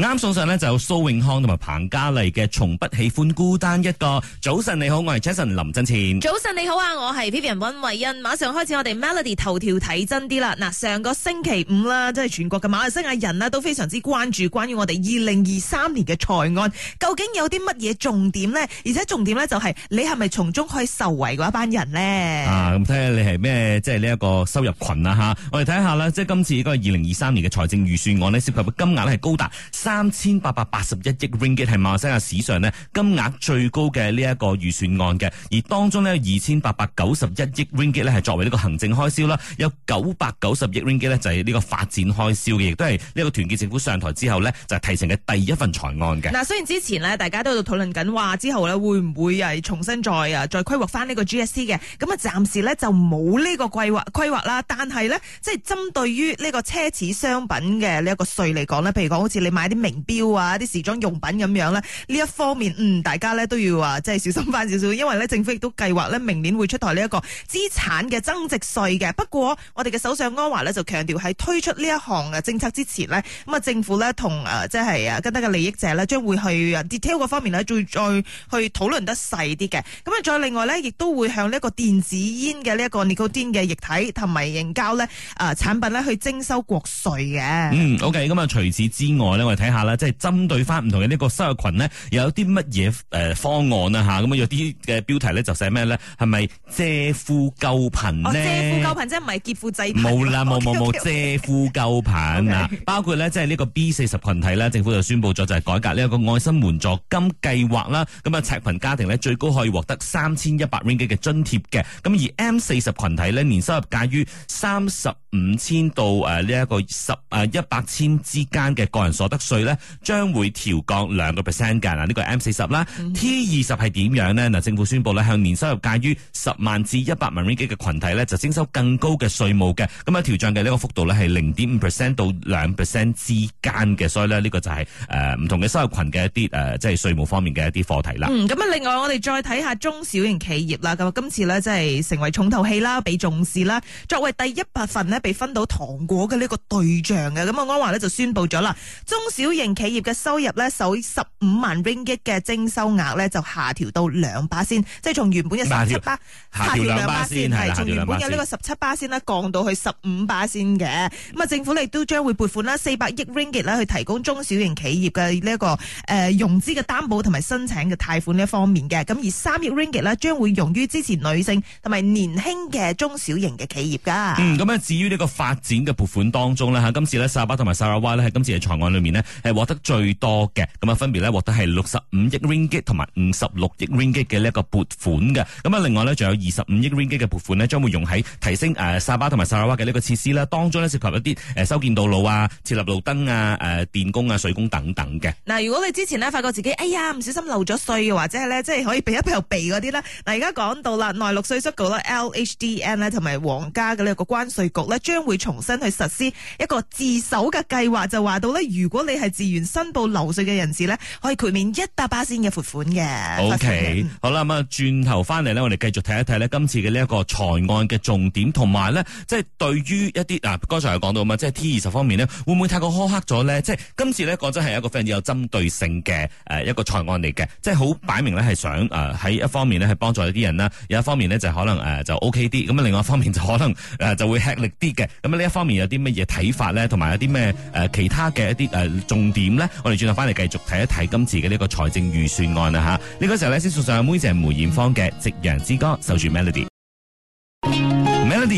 啱送上呢，就有蘇永康同埋彭嘉麗嘅從不喜歡孤單一個。早晨你好，我係 Jason 林真前。早晨你好啊，我係 Vivian 溫慧欣。馬上開始我哋 Melody 頭條睇真啲啦。嗱，上個星期五啦，即係全國嘅馬來西亞人啦都非常之關注關於我哋二零二三年嘅財案，究竟有啲乜嘢重點呢？而且重點呢、就是，就係你係咪從中可以受惠嘅一班人呢？啊，咁睇下你係咩即係呢一個收入群啊吓？我哋睇下啦，即係今次呢個二零二三年嘅財政預算案呢，涉及嘅金額呢係高達三千八百八十一億 ringgit，係馬來西亞史上呢金額最高嘅呢一個預算案嘅，而當中呢二千八百九十一億 ringgit 咧，係作為呢個行政開銷啦，有九百九十億 ringgit 呢就係呢個發展開銷嘅，亦都係呢個團結政府上台之後呢就係提成嘅第一份財案嘅。嗱，雖然之前呢大家都喺度討論緊，話之後呢會唔會重新再啊再規劃翻呢個 GSC 嘅，咁啊暫時呢就冇呢個規劃規劃啦，但係呢，即係針對於呢個奢侈商品嘅呢一個稅嚟講呢，譬如講好似你買啲。名表啊，啲時裝用品咁樣咧，呢一方面嗯，大家咧都要啊，即係小心翻少少，因為咧政府亦都計劃咧明年會出台呢一個資產嘅增值稅嘅。不過我哋嘅首相安華咧就強調喺推出呢一行嘅政策之前呢，咁啊政府咧同啊即係啊更多嘅利益者呢，將會去 detail 嗰方面呢，再再去討論得細啲嘅。咁啊再另外呢，亦都會向呢一個電子煙嘅呢一個尼古丁嘅液體同埋認交呢啊產品呢，去徵收國稅嘅。嗯，OK，咁、嗯、啊除此之外呢。睇下啦，即係針對翻唔同嘅呢個收入群、呃啊、呢，又有啲乜嘢誒方案啦嚇？咁啊有啲嘅標題咧就寫咩咧？係咪借富救貧呢？哦「借富救貧即係唔係劫富濟貧？冇啦冇冇冇，借富救貧啊！Okay。包括咧即係呢個 B 四十群體咧，政府就宣布咗就係改革呢一個愛心援助金計劃啦。咁啊赤貧家庭呢，最高可以獲得三千一百 ringgit 嘅津貼嘅。咁而 M 四十群體呢，年收入介於三十五千到誒呢一個十誒一百千之間嘅個人所得。稅咧將會調降兩個 percent 嘅嗱，呢個 M 四十啦，T 二十係點樣呢？嗱，政府宣布咧，向年收入介於十萬至一百萬 ringgit 嘅群體咧，就徵收更高嘅稅務嘅。咁啊，調漲嘅呢個幅度咧係零點五 percent 到兩 percent 之間嘅。所以呢，呢個就係誒唔同嘅收入群嘅一啲誒、呃，即係稅務方面嘅一啲課題啦。咁、嗯、啊，另外我哋再睇下中小型企業啦。咁今次咧，即係成為重頭戲啦，被重視啦。作為第一部分咧，被分到糖果嘅呢個對象嘅，咁啊，安華呢，就宣布咗啦，中小型企業小型企業嘅收入咧，首十五萬 ringgit 嘅徵收額咧，就下調到兩巴先，即係從原本嘅十七巴，下調兩巴先，係從原本嘅呢個十七巴先呢，降到去十五巴先嘅。咁啊，政府咧亦都將會撥款啦，四百億 ringgit 咧去提供中小型企業嘅呢一個誒、呃、融資嘅擔保同埋申請嘅貸款呢一方面嘅。咁而三億 ringgit 咧將會用於支持女性同埋年輕嘅中小型嘅企業噶。咁、嗯、啊，至於呢個發展嘅撥款當中咧嚇，今次咧沙巴同埋砂拉越咧喺今次嘅財案裏面呢。係獲得最多嘅。咁啊分別咧獲得係六十五億 ringgit 同埋五十六億 ringgit 嘅呢一個撥款嘅，咁啊另外咧仲有二十五億 ringgit 嘅撥款咧，將會用喺提升誒沙巴同埋砂拉越嘅呢個設施啦，當中咧涉及一啲誒修建道路啊、設立路燈啊、誒電工啊、水工等等嘅。嗱，如果你之前咧發覺自己，哎呀唔小心漏咗稅，或者係咧即係可以避一避嗰啲咧，嗱而家講到啦，內陸稅收局啦 LHDN 咧同埋皇家嘅呢個關稅局咧，將會重新去實施一個自首嘅計劃，就話到咧如果你。係自願申報漏稅嘅人士咧，可以豁免 okay, 回回看一百巴仙嘅罰款嘅。O K，好啦，咁啊，轉頭翻嚟咧，我哋繼續睇一睇咧今次嘅呢一個財案嘅重點，同埋咧，即係對於一啲啊剛才有講到嘛，即係 T 二十方面咧，會唔會太過苛刻咗咧？即係今次咧講真係一個非常之有針對性嘅誒一個財案嚟嘅，即係好擺明咧係想誒喺一方面咧係幫助一啲人啦，有一方面咧就可能誒就 O K 啲，咁啊另外一方面就可能誒就會吃力啲嘅。咁呢一方面有啲乜嘢睇法咧，同埋有啲咩誒其他嘅一啲誒。重點咧，我哋轉頭翻嚟繼續睇一睇今次嘅呢個財政預算案啦吓，呢個時候咧，先送上阿梅姐梅艷芳嘅《夕陽之歌》守住 melody。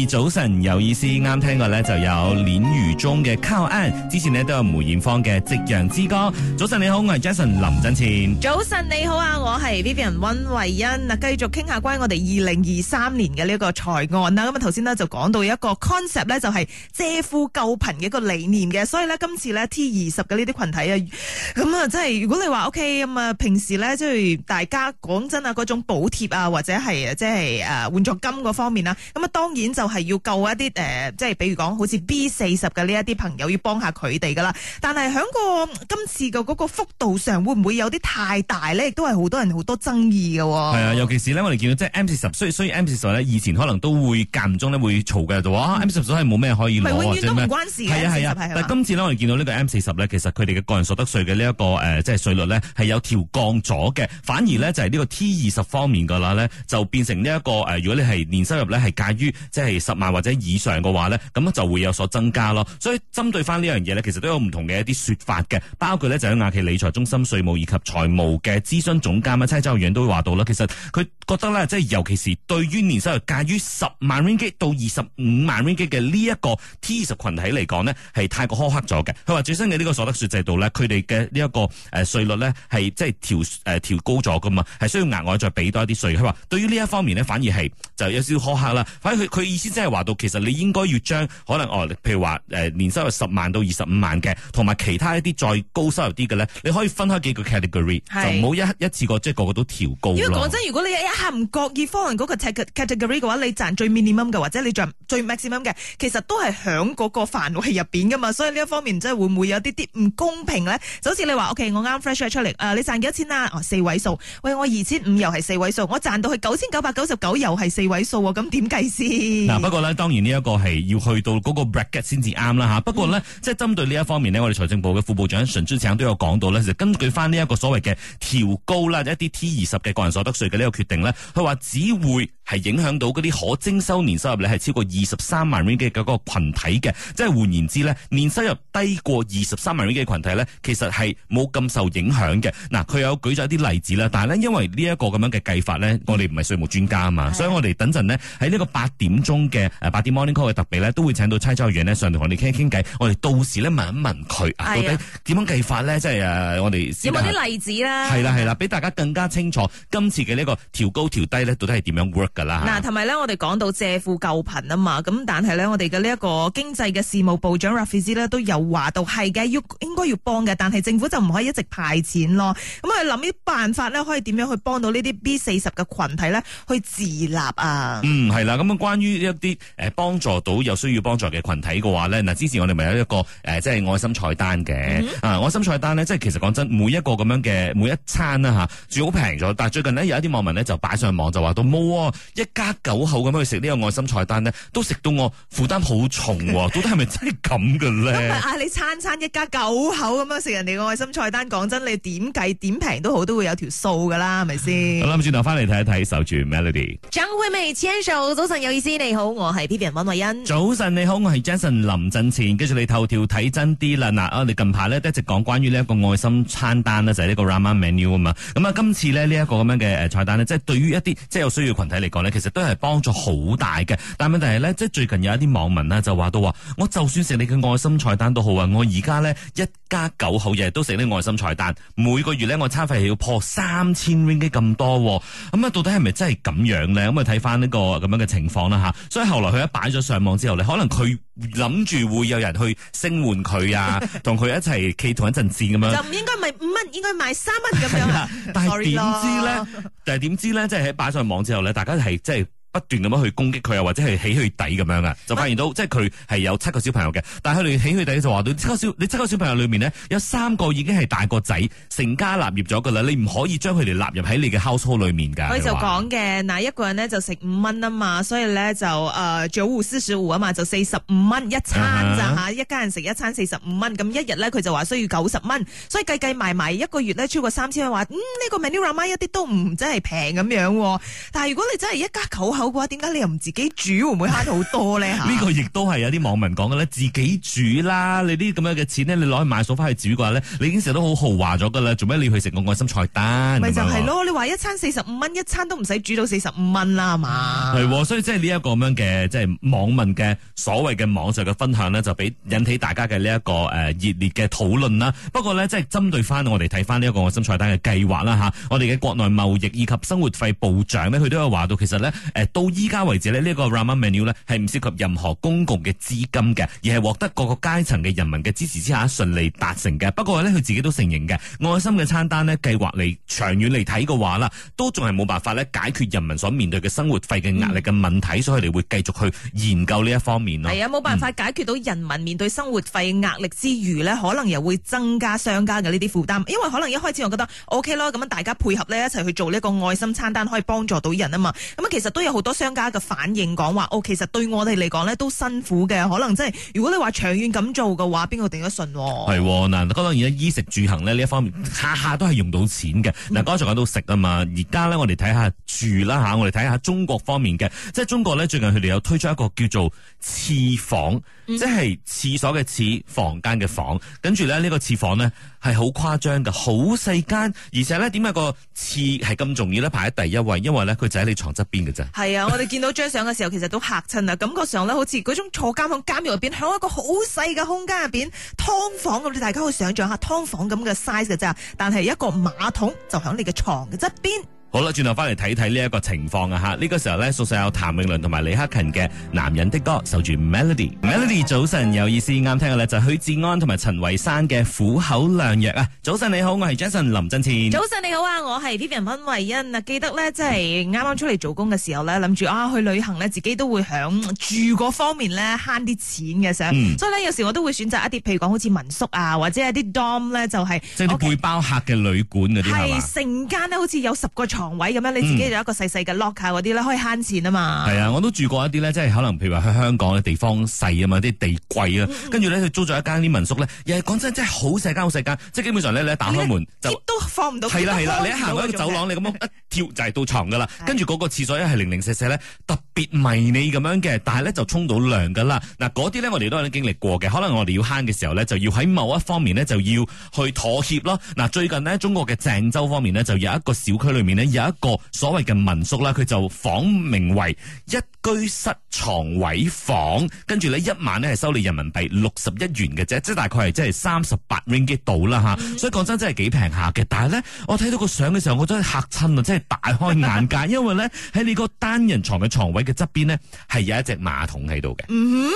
而早晨有意思，啱聽過咧就有《戀如中》嘅《靠岸》，之前呢都有梅艷芳嘅《夕陽之歌》。早晨你好，我係 Jason 林振前。早晨你好啊，我係 Vivian 溫慧欣。嗱，繼續傾下關於我哋二零二三年嘅呢個財案啦。咁啊，頭先呢就講到一個 concept 咧，就係借富救貧嘅一個理念嘅。所以呢，今次呢 T 二十嘅呢啲群體啊，咁啊，即係如果你話 OK 咁啊，平時呢，即係大家講真啊，嗰種補貼啊，或者係即係誒換作金嗰方面啦，咁啊，當然就。係要救一啲誒、呃，即係比如講，好似 B 四十嘅呢一啲朋友，要幫下佢哋噶啦。但係喺個今次嘅嗰個幅度上，會唔會有啲太大咧？亦都係好多人好多爭議嘅、啊。係啊，尤其是咧，我哋見到即係 M 四十，雖雖 M 四十咧以前可能都會間唔中咧會嘈嘅，話 M 四十係冇咩可以攞，唔係永遠都唔關事嘅。啊係啊，啊，但係今次咧我哋見到呢個 M 四十咧，其實佢哋嘅個人所得稅嘅呢一個誒，即係稅率呢，係有調降咗嘅。反而呢，就係呢個 T 二十方面嘅話呢，就變成呢、這、一個誒、呃，如果你係年收入呢，係介於即係。就是十萬或者以上嘅話咧，咁就會有所增加咯。所以針對翻呢樣嘢咧，其實都有唔同嘅一啲說法嘅。包括咧就喺亞企理財中心稅務以及財務嘅諮詢總監啊，蔡周員都會話到啦。其實佢覺得咧，即係尤其是對於年收入介於十萬 ringgit 到二十五萬 ringgit 嘅呢一個 T 二十群體嚟講呢，係太過苛刻咗嘅。佢話最新嘅呢個所得稅制度咧，佢哋嘅呢一個誒稅率呢，係即係調誒調高咗噶嘛，係需要額外再俾多一啲稅。佢話對於呢一方面呢，反而係就有少少苛刻啦。反正佢佢意思。即係話到，其實你應該要將可能哦，譬如話誒、呃，年收入十萬到二十五萬嘅，同埋其他一啲再高收入啲嘅咧，你可以分開幾個 category，就唔好一一次過即係個個都調高咯。因為講真，如果你一下唔覺意，科銀嗰個 category 嘅話，你賺最 minimum 嘅，或者你賺最 maximum 嘅，其實都係響嗰個範圍入邊噶嘛。所以呢一方面，即係會唔會有啲啲唔公平咧？就好似你話，OK，我啱 fresh 出嚟，誒、呃，你賺幾多錢啦，四位數。喂，我二千五又係四位數，我賺到去九千九百九十九又係四位數，咁點計先？Now, 嗯、不過咧，當然呢一個係要去到嗰個 Bracket 先至啱啦吓。不過咧，即、就、係、是、針對呢一方面，呢我哋財政部嘅副部長陳珠祥都有講到咧，就根據翻呢一個所謂嘅調高啦，就是、一啲 T 二十嘅個人所得稅嘅呢個決定咧，佢話只會係影響到嗰啲可徵收年收入咧係超過二十三萬蚊嘅嗰個羣體嘅，即係換言之咧，年收入低過二十三萬蚊嘅群體咧，其實係冇咁受影響嘅。嗱、啊，佢有舉咗一啲例子啦，但係咧，因為呢一個咁樣嘅計法咧，我哋唔係稅務專家啊嘛，所以我哋等陣呢，喺呢個八點鐘嘅誒八點 morning call 嘅特別咧，都會請到差餉員咧上嚟同我哋傾一傾偈，我哋到時咧問一問佢啊，到底點樣計法咧，即係誒我哋有冇啲例子啦？係啦係啦，俾大家更加清楚今次嘅呢個調高調低咧，到底係點樣 work？嗱、啊，同埋咧，我哋講到借富救貧啊嘛，咁但係咧，我哋嘅呢一個經濟嘅事務部長 Rafizi 咧都有話到，係嘅，要應該要幫嘅，但係政府就唔可以一直派錢咯。咁佢諗啲辦法咧，可以點樣去幫到呢啲 B 四十嘅群體咧，去自立啊？嗯，係啦，咁啊，關於一啲誒幫助到有需要幫助嘅群體嘅話咧，嗱，之前我哋咪有一個誒、呃，即係愛心菜單嘅、嗯、啊，愛心菜單咧，即係其實講真，每一個咁樣嘅每一餐啦嚇，煮好平咗，但係最近呢，有一啲網民咧就擺上網就話到冇喎。一家九口咁去食呢個愛心菜單呢，都食到我負擔好重喎、啊， 到底係咪真係咁嘅咧？唔係啊，你餐餐一家九口咁樣食人哋個愛心菜單，講真，你點計點平都好，都會有條數噶啦，係咪先？好啦，咁轉頭翻嚟睇一睇，守住 Melody，張惠美、Jason，早晨有意思，你好，我係 P B 人溫慧欣。早晨你好，我係 Jason 林振前，跟住你頭條睇真啲啦。嗱、啊，我哋近排咧都一直講關於呢一個愛心餐單呢，就係、是、呢個 Ramen Menu 啊嘛。咁啊，今次呢，呢、這、一個咁樣嘅誒菜單呢，即、就、係、是、對於一啲即係有需要嘅群體嚟講。其實都係幫助好大嘅，但係問題係咧，即係最近有一啲網民咧就話到話，我就算食你嘅愛心菜單都好啊，我而家咧一家九口日日都食啲愛心菜單，每個月咧我餐費係要破三千蚊雞咁多，咁、嗯、啊到底係咪真係咁樣咧？咁啊睇翻呢個咁樣嘅情況啦吓，所以後來佢一擺咗上網之後咧，可能佢。諗住會有人去聲援佢啊，同佢一齊企同一陣線咁樣， 就唔應該賣五蚊，應該賣三蚊咁樣。係啊，但係點知咧？但係 點知咧道？即係喺擺上網之後咧，大家係即係。不斷咁樣去攻擊佢啊，或者係起佢底咁樣啊，就發現到即係佢係有七個小朋友嘅，但係佢哋起佢底就話到七個小，你七個小朋友裏面呢，有三個已經係大個仔成家立業咗噶啦，你唔可以將佢哋納入喺你嘅 household 裏面噶佢就講嘅嗱，嗱，一個人呢就食五蚊啊嘛，所以呢就誒，住戶私住戶啊嘛，就四十五蚊一餐咋吓、uh -huh. 啊，一家人食一餐四十五蚊，咁一日呢，佢就話需要九十蚊，所以計計埋埋一個月呢超過三千蚊，話嗯呢、這個 m i n 一啲都唔真係平咁樣，但係如果你真係一家九口嘅話，點解你又唔自己煮？會唔會慳好多咧？吓 呢個亦都係有啲網民講嘅咧，自己煮啦。你啲咁樣嘅錢咧，你攞去買餸翻去煮嘅話咧，你已經食都好豪華咗噶啦。做咩你去食個愛心菜單？咪就係咯，你話一餐四十五蚊，一餐都唔使煮到四十五蚊啦，係嘛？係，所以即係呢一個咁樣嘅，即係網民嘅所謂嘅網上嘅分享呢，就俾引起大家嘅呢一個誒熱烈嘅討論啦。不過呢，即係針對翻我哋睇翻呢一個愛心菜單嘅計劃啦，吓，我哋嘅國內貿易以及生活費部長呢，佢都有話到，其實呢。誒。到依家為止呢呢個個 rama menu 咧係唔涉及任何公共嘅資金嘅，而係獲得各個階層嘅人民嘅支持之下順利達成嘅。不過佢自己都承認嘅，愛心嘅餐單呢計劃嚟長遠嚟睇嘅話啦，都仲係冇辦法咧解決人民所面對嘅生活費嘅壓力嘅問題，嗯、所以你會繼續去研究呢一方面咯。係啊，冇辦法解決到人民面對生活費壓力之餘呢、嗯、可能又會增加商家嘅呢啲負擔，因為可能一開始我覺得 OK 咯，咁樣大家配合呢一齊去做呢個愛心餐單，可以幫助到人啊嘛。咁其實都有。好多商家嘅反應講話，哦，其實對我哋嚟講咧都辛苦嘅，可能即係如果你話長遠咁做嘅話，邊個頂得順？係嗱，當然啦衣食住行咧呢一方面下下都係用到錢嘅嗱。剛才講到食啊嘛，而家咧我哋睇下住啦吓，我哋睇下中國方面嘅，即係中國咧最近佢哋有推出一個叫做廁房，嗯、即係廁所嘅廁，房間嘅房，跟住咧呢個廁房咧。係好誇張噶，好細間，而且咧點解個廁係咁重要咧？排喺第一位，因為咧佢就喺你床側邊㗎啫。係啊，我哋見到張相嘅時候，其實都嚇親啦。感覺上咧，好似嗰種坐監房監獄入邊，喺一個好細嘅空間入邊，劏房咁，你大家可以想象下劏房咁嘅 size 嘅啫。但係一個馬桶就喺你嘅床嘅側邊。好啦，轉頭翻嚟睇睇呢一個情況啊吓，呢、呢個時候咧，宿舍有譚詠麟同埋李克勤嘅《男人的歌》Melody，守住 melody，melody。早晨有意思，啱聽嘅呢，就許志安同埋陳慧珊嘅《苦口良藥》啊。早晨你好，我係 Jason 林振前。早晨你好啊，我係 Vivian 溫慧欣啊。記得咧，即係啱啱出嚟做工嘅時候咧，諗住啊去旅行咧，自己都會響住嗰方面咧慳啲錢嘅時候，嗯、所以咧有時我都會選擇一啲譬如講好似民宿啊或者係啲 dorm 咧就係、是、即係啲背包客嘅旅館嗰啲係成間咧好似有十個床位咁樣，你自己有一個細細嘅 locker 嗰啲咧，可以慳錢啊嘛。係啊，我都住過一啲咧，即係可能譬如話去香港嘅地方細啊嘛，啲地貴啊，跟住咧佢租咗一間啲民宿咧，又係講真，真係好細間好細間，即係基本上咧你一打開門就都放唔到。係啦係啦，你一行喺個走廊、啊、你咁樣一跳就係到床噶啦，跟住嗰個廁所咧係零零舍舍咧特別迷你咁樣嘅，但係咧就沖到涼噶啦嗱，嗰啲咧我哋都係經歷過嘅，可能我哋要慳嘅時候咧，就要喺某一方面咧就要去妥協囉嗱。最近呢，中國嘅鄭州方面咧就有一個小區裏面咧。有一個所謂嘅民宿啦，佢就仿名為一居室床位房，跟住咧一晚咧係收你人民幣六十一元嘅啫，即係大概係即係三十八 ringgit 到啦吓。所以講真真係幾平下嘅，但係咧我睇到個相嘅時候，我真係吓親啊，真係大開眼界， 因為咧喺你個單人床嘅床位嘅側邊咧係有一隻馬桶喺度嘅。嗯，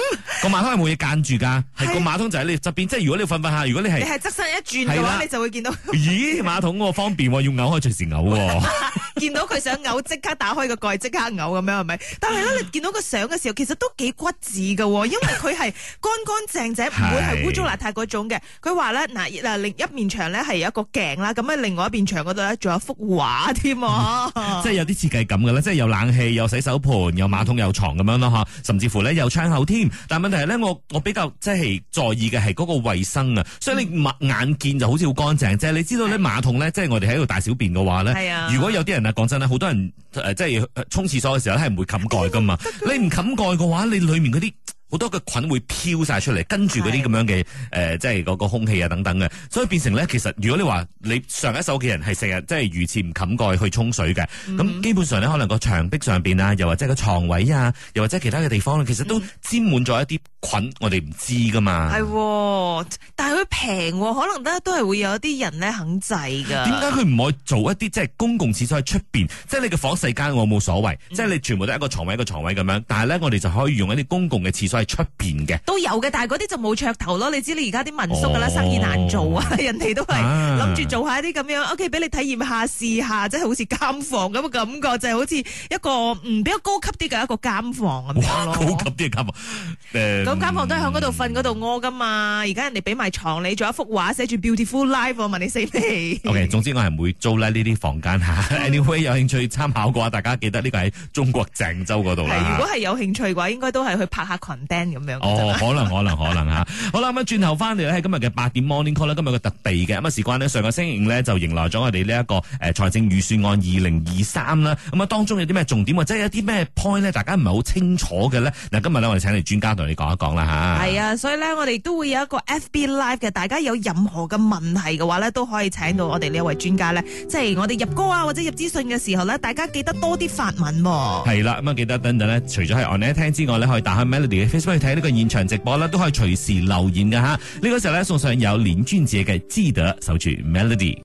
個馬桶係冇嘢間住噶，係個馬桶就喺你側邊，即係如果你瞓瞓下，如果你係你係側身一轉嘅話你就會見到。咦，馬桶我、啊、方便、啊，要嘔開以隨時嘔、啊。 見到佢想嘔，即刻打開個蓋，即刻嘔咁樣係咪？但係咧，你見到個相嘅時候，其實都幾骨子噶，因為佢係乾乾淨淨，唔 會係污糟邋遢嗰種嘅。佢話咧，嗱嗱另一面牆咧係有一個鏡啦，咁啊另外一面牆嗰度呢，仲有幅畫添，即係有啲設計咁嘅咧，即係有冷氣、有洗手盆、有馬桶、有床咁樣咯，吓，甚至乎咧有窗口添。但係問題係咧，我我比較即係在意嘅係嗰個衛生啊，所以你眼見就好似好乾淨啫。嗯、即你知道咧馬桶咧，即係我哋喺度大小便嘅話咧、啊，如果有啲人。嗱，講真啦，好多人誒，即係沖廁所嘅時候咧，係唔會冚蓋噶嘛。你唔冚蓋嘅話，你裏面啲～好多嘅菌會飄晒出嚟，跟住嗰啲咁樣嘅誒、呃，即係嗰、嗰個空氣啊等等嘅，所以變成咧，其實如果你話你上一手嘅人係成日即係如廁唔冚蓋去沖水嘅，咁、嗯、基本上咧，可能個牆壁上邊啊，又或者個床位啊，又或者其他嘅地方其實都沾滿咗一啲菌，嗯、我哋唔知噶嘛。係，但係佢平，可能都係會有一啲人咧肯制㗎。點解佢唔可以做一啲即係公共廁所喺出邊？即係你嘅房細間，我冇所謂、嗯；即係你全部都係一個床位一個床位咁樣，但係咧，我哋就可以用一啲公共嘅廁所。出邊嘅都有嘅，但係嗰啲就冇噱頭咯。你知道你而家啲民宿噶啦、哦，生意難做，家做啊，人哋都係諗住做下啲咁樣。O K，俾你體驗下試下，即係好似監房咁嘅感覺，就係、是、好似一個嗯比較高級啲嘅一個監房咁樣咯哇。高級啲嘅監房，咁、呃、監房都係響嗰度瞓嗰度屙噶嘛。而家人哋俾埋床，你做一幅畫寫住 beautiful life，我問你死唔死？O K，總之我係唔會租呢啲房間吓。Anyway 有興趣參考過大家記得呢個喺中國鄭州嗰度。如果係有興趣嘅話，應該都係去拍下群。咁哦，可能 可能可能吓、 啊，好啦，咁轉轉頭翻嚟喺今日嘅八點 Morning Call 今日嘅特地嘅咁啊時關呢，上個星期五咧就迎來咗我哋呢一個誒財政預算案二零二三啦。咁啊當中有啲咩重點或者有啲咩 point 呢，大家唔係好清楚嘅咧。嗱，今日呢，我哋請嚟專家同你講一講啦吓，係啊,啊，所以咧我哋都會有一個 FB Live 嘅，大家有任何嘅問題嘅話咧，都可以請到我哋呢一位專家咧。即、就、係、是、我哋入歌啊，或者入資訊嘅時候咧，大家記得多啲發文喎、啊。係啦、啊，咁啊記得等陣除咗係 online 聽之外可以打開 Melody。Facebook 去睇呢個現場直播啦，都可以隨時留言㗎吓。呢、呢個時候咧，送上有連專者嘅《知德守住 Melody》。